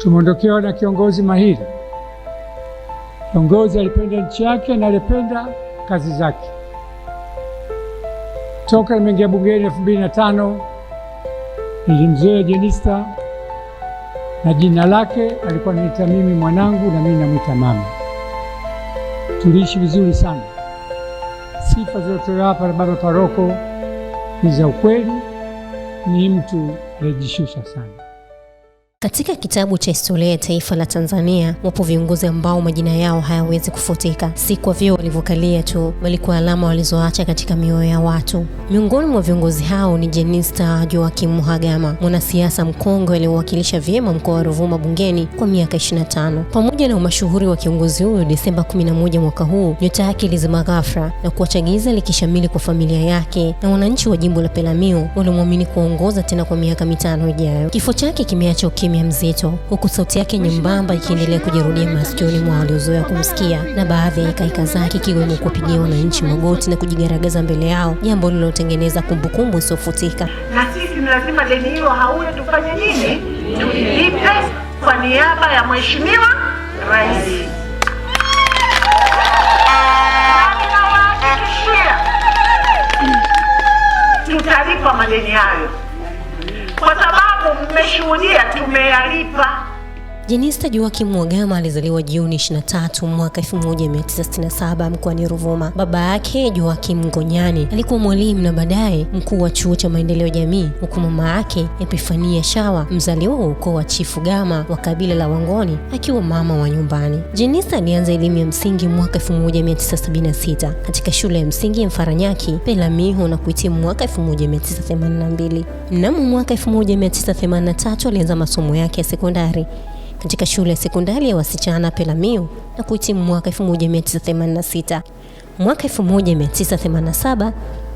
Tumeondokewa na kiongozi mahiri, kiongozi alipenda nchi yake na alipenda kazi zake. Toka nimeingia bungeni elfu mbili na tano nilimzoea Jenista na jina lake alikuwa naita mimi mwanangu, na mimi namwita mama. Tuliishi vizuri sana. Sifa zilizotolewa hapa na baba paroko ni za ukweli, ni mtu alijishusha sana. Katika kitabu cha historia ya taifa la Tanzania wapo viongozi ambao majina yao hayawezi kufutika, si kwa vyeo walivyokalia tu, bali kwa alama walizoacha katika mioyo ya watu. Miongoni mwa viongozi hao ni Jenista Joakim Mhagama, mwanasiasa mkongwe aliyewakilisha vyema mkoa wa Ruvuma bungeni kwa miaka 25. Pamoja na umashuhuri wa kiongozi huyo, Desemba 11 mwaka huu nyota yake ilizima ghafla na kuacha giza likishamili kwa familia yake na wananchi wa jimbo la Peramiho waliomwamini kuongoza tena kwa miaka mitano ijayo. Kifo chake kimeacha ukimya mzito, huku sauti yake nyembamba ikiendelea kujirudia masikioni mwa waliozoea kumsikia, na baadhi ya ikaika zake ikiwemo kuwapigia wananchi magoti na kujigaragaza mbele yao, jambo lililotengeneza kumbukumbu isiyofutika. Na sisi ni lazima deni hilo haule, tufanye nini? kwa niaba ya mheshimiwa rais. tutalipa madeni hayo kwa sababu mmeshuhudia tumeyalipa Jenista Joakim Mhagama alizaliwa Juni 23 mwaka 1967 mkoani Ruvuma. Baba yake Joakim Ngonyani alikuwa mwalimu na baadaye mkuu wa chuo cha maendeleo jamii, huku mama yake Epifania Shawa mzaliwa wa ukoo wa Chifu Gama wa kabila la Wangoni akiwa mama wa nyumbani. Jenista alianza elimu ya msingi mwaka 1976 katika shule ya msingi ya Mfaranyaki Pelamiho na kuhitimu mwaka 1982. Mnamo mwaka 1983 alianza masomo yake ya sekondari katika shule ya sekondari ya wasichana pelamiu na kuhitimu mwaka 1986. Mwaka 1987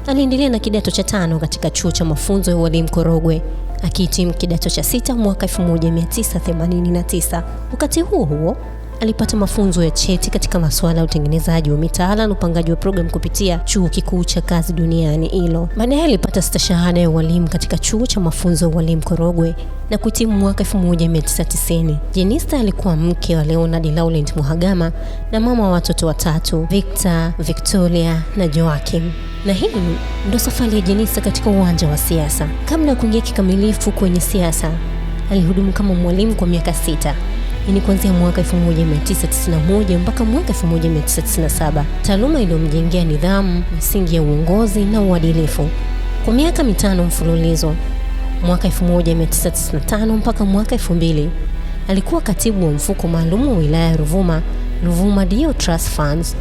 aliendelea na kidato cha tano katika chuo cha mafunzo ya ualimu Korogwe akihitimu kidato cha sita mwaka 1989. Wakati huo huo alipata mafunzo ya cheti katika masuala ya utengenezaji wa mitaala na upangaji wa programu kupitia Chuo Kikuu cha Kazi Duniani ILO. Baadaye alipata stashahada ya ualimu katika Chuo cha Mafunzo ya Ualimu Korogwe na kuhitimu mwaka 1990. Jenista alikuwa mke wa Leonard Laurent Muhagama na mama wa watoto watatu Victor, Victoria na Joachim. Na hii ndo safari ya Jenista katika uwanja wa siasa. Kabla ya kuingia kikamilifu kwenye siasa, alihudumu kama mwalimu kwa miaka sita ni kuanzia mwaka 1991 mpaka mwaka 1997. Taaluma iliyomjengea nidhamu, msingi ya uongozi na uadilifu kwa miaka mitano mfululizo, mwaka 1995 mpaka mwaka 2000. Alikuwa katibu wa mfuko maalum wa wilaya ya Ruvuma, Ruvuma Dio Trust Funds,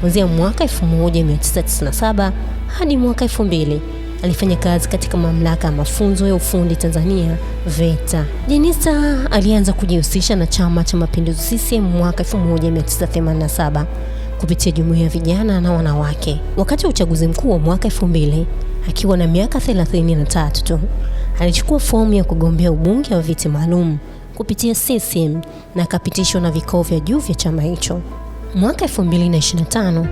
kuanzia mwaka 1997 hadi mwaka 2000 alifanya kazi katika mamlaka ya mafunzo ya ufundi Tanzania VETA. Jenista alianza kujihusisha na chama cha mapinduzi CCM mwaka 1987 kupitia jumuiya ya vijana na wanawake. Wakati wa uchaguzi mkuu wa mwaka 2000 akiwa na miaka 33 tu alichukua fomu ya kugombea ubunge wa viti maalum kupitia CCM na akapitishwa na vikao vya juu vya chama hicho. Mwaka 2025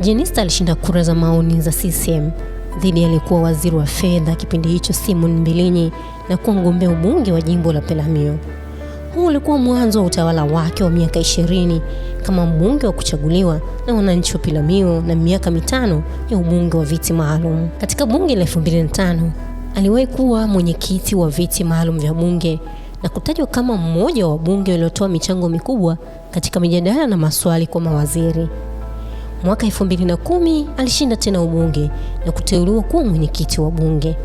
Jenista alishinda kura za maoni za CCM dhidi ya aliyekuwa waziri wa fedha kipindi hicho Simon Mbilinyi na kuwa mgombea ubunge wa jimbo la Peramiho. Huu ulikuwa mwanzo wa utawala wake wa miaka ishirini kama mbunge wa kuchaguliwa na wananchi wa Peramiho na miaka mitano ya ubunge wa viti maalum. Katika bunge la 2005 aliwahi kuwa mwenyekiti wa viti maalum vya bunge na kutajwa kama mmoja wa wabunge waliotoa michango mikubwa katika mijadala na maswali kwa mawaziri. Mwaka 2010 alishinda tena ubunge na kuteuliwa kuwa mwenyekiti wa bunge.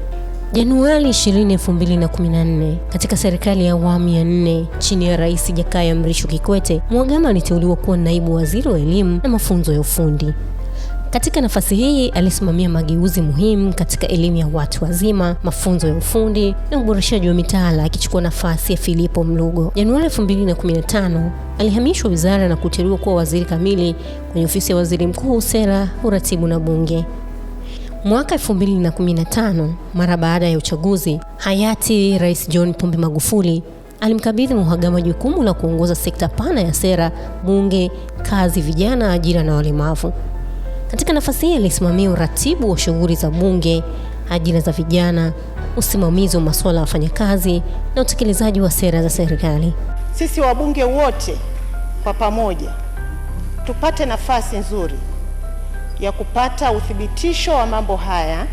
Januari 20, 2014 katika serikali ya awamu ya nne chini ya Rais Jakaya Mrisho Kikwete, Mhagama aliteuliwa kuwa naibu waziri wa elimu na mafunzo ya ufundi. Katika nafasi hii alisimamia mageuzi muhimu katika elimu ya watu wazima, mafunzo ya ufundi na uboreshaji wa mitaala, akichukua nafasi ya Filipo Mlugo. Januari 2015 alihamishwa wizara na kuteuliwa kuwa waziri kamili kwenye ofisi ya waziri mkuu, sera, uratibu na bunge. Mwaka 2015 mara baada ya uchaguzi, hayati Rais John Pombe Magufuli alimkabidhi Mhagama jukumu la kuongoza sekta pana ya sera, bunge, kazi, vijana, ajira na walemavu. Katika nafasi hii alisimamia uratibu wa shughuli za Bunge, ajira za vijana, usimamizi wa masuala ya wafanyakazi na utekelezaji wa sera za serikali. Sisi wabunge wote kwa pamoja tupate nafasi nzuri ya kupata uthibitisho wa mambo haya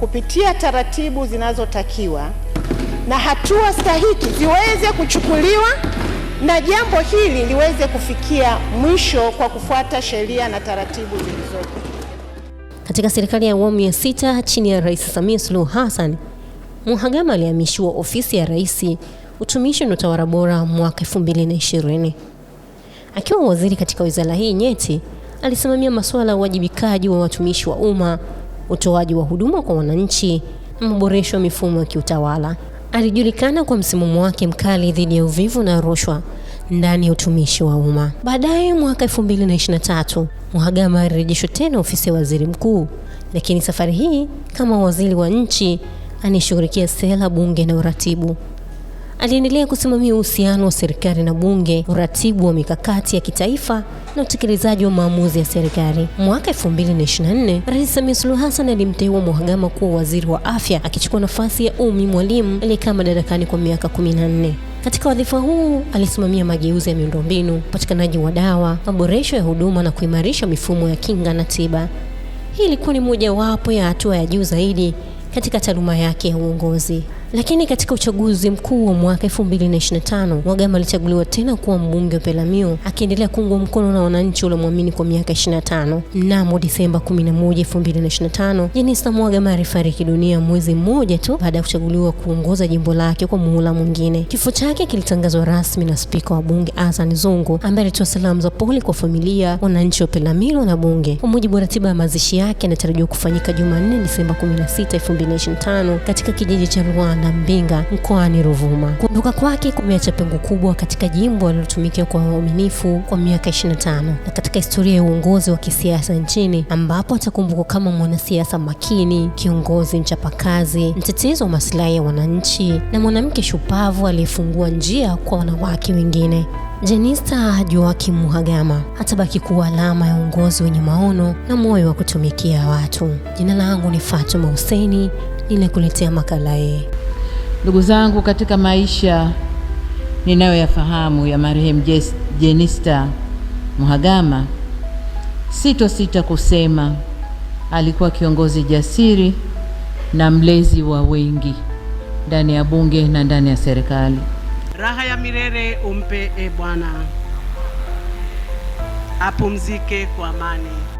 kupitia taratibu zinazotakiwa na hatua stahiki ziweze kuchukuliwa na jambo hili liweze kufikia mwisho kwa kufuata sheria na taratibu zilizopo. Katika serikali ya awamu ya sita chini ya Rais Samia Suluhu Hassan, Mhagama alihamishiwa ofisi ya Rais utumishi na utawala bora mwaka 2020. Akiwa waziri katika wizara hii nyeti, alisimamia masuala ya uwajibikaji wa watumishi wa umma, utoaji wa huduma kwa wananchi na maboresho ya mifumo ya kiutawala. Alijulikana kwa msimamo wake mkali dhidi ya uvivu na rushwa ndani ya utumishi wa umma. Baadaye mwaka 2023, Mhagama alirejeshwa tena ofisi ya waziri mkuu, lakini safari hii kama waziri wa nchi anayeshughulikia sera, bunge na uratibu. Aliendelea kusimamia uhusiano wa serikali na bunge, uratibu wa mikakati ya kitaifa na utekelezaji wa maamuzi ya serikali. Mwaka 2024, Rais Samia Suluhu Hassan alimteua Mhagama kuwa waziri wa afya, akichukua nafasi ya umi Mwalimu aliyekaa madarakani kwa miaka 14. Katika wadhifa huu alisimamia mageuzi ya miundombinu, upatikanaji wa dawa, maboresho ya huduma na kuimarisha mifumo ya kinga na tiba. Hii ilikuwa ni mojawapo ya hatua ya juu zaidi katika taaluma yake ya uongozi. Lakini katika uchaguzi mkuu wa mwaka 2025 mwagama alichaguliwa tena kuwa mbunge wa Peramiho, akiendelea kuungwa mkono na wananchi waliomwamini kwa miaka 25. Mnamo Disemba 11, 2025, Jenista mwagama alifariki dunia mwezi mmoja tu baada ya kuchaguliwa kuongoza jimbo lake kwa muhula mwingine. Kifo chake kilitangazwa rasmi na spika wa bunge Azzan Zungu, ambaye alitoa salamu za pole kwa familia, wananchi wa Peramiho na bunge. Kwa mujibu wa ratiba ya mazishi yake, anatarajiwa kufanyika Jumanne, Disemba 16, 2025 katika kijiji cha Rwanda. Mbinga mkoani Ruvuma. Kuondoka kwake kumeacha pengo kubwa katika jimbo alilotumikia kwa uaminifu kwa miaka 25 na katika historia ya uongozi wa kisiasa nchini, ambapo atakumbukwa kama mwanasiasa makini, kiongozi mchapakazi, mtetezi wa maslahi ya wananchi na mwanamke shupavu aliyefungua njia kwa wanawake wengine. Jenista Joakim Mhagama atabaki kuwa alama ya uongozi wenye maono na moyo wa kutumikia watu. Jina langu ni Fatuma Husseini, nilikuletea makala hii. Ndugu zangu, katika maisha ninayoyafahamu ya marehemu Jenista Mhagama, sitosita kusema alikuwa kiongozi jasiri na mlezi wa wengi ndani ya bunge na ndani ya serikali. Raha ya milele umpe, e Bwana, apumzike kwa amani.